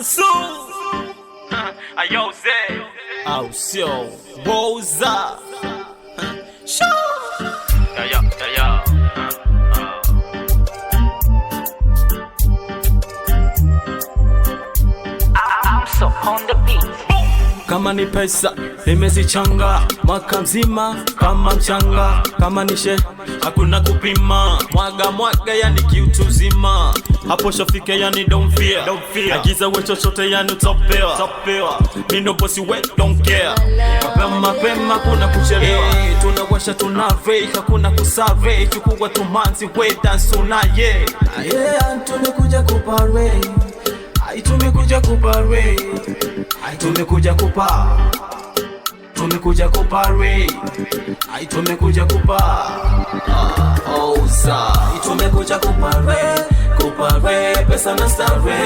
Mansu Show ze au I'm so on the beat kama ni pesa nimezichanga mwaka mzima kama mchanga, kama nishe hakuna kupima, mwaga mwaga, yani kiutu zima hapo shofike, yani don't fear, don't fear. Agiza we chochote, yani utapewa, utapewa. Mino ndo bosi we don't care. Mapema mapema kuna kuchelewa, hey, eh, tunawasha tunavei, hakuna kusave, chukua tumanzi we dance una ye. yeah, yeah, tumekuja kuparwe Tumekuja kupa re, tumekuja kupa, tumekuja kupa re, tumekuja kupa, oh, oh, tumekuja kupa re kupare pesa na stare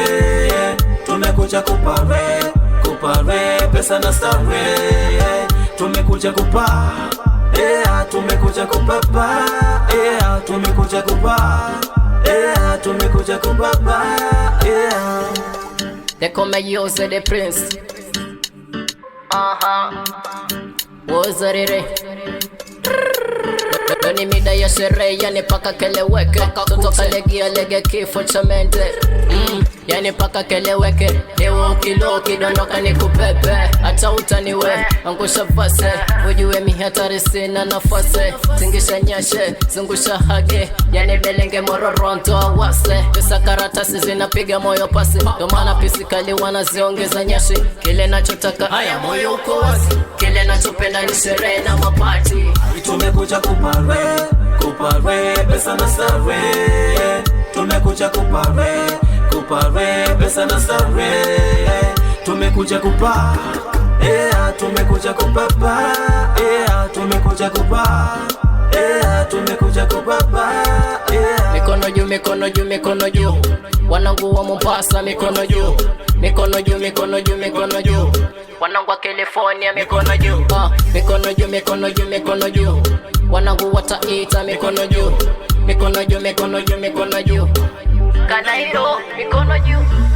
tumekuja kupare kupare pesa na stare tumekuja kupa ea, tumekuja kupapa ea, tumekuja kupa ea, tumekuja kupapa ea, they come Yose the prince aha uh -huh. wozerere ni mida ya sherehe yani paka keleweke, toto kalegea lege kifo cha mende mm, yani paka keleweke, ewe ukilo kidondoka ni kupepe, hata utaniwe angusha vase ujue mihatari sina nafase zingisha nyashe zungusha hage, yani belenge mororonto awase, pesa karatasi zinapiga moyo pasi, ndio maana pisikali wanaziongeza nyashi, kile nachotaka haya moyo uko wazi kile Ninachopenda ni sherehe na mapati. Tumekuja kupare, kupare pesa na sare. Tumekuja kupare, kupare pesa na sare. Tumekuja kupa, eh, tumekuja kupapa, eh, tumekuja kupa mikono juu, mikono juu, wanangu wa Mombasa, mikono juu, mikono juu, mikono juu, mikono juu, wanangu wa California, mikono juu, ah, mikono juu, mikono juu, mikono juu, wanangu wa Taita, mikono juu, mikono juu, mikono juu, mikono juu, kana mikono juu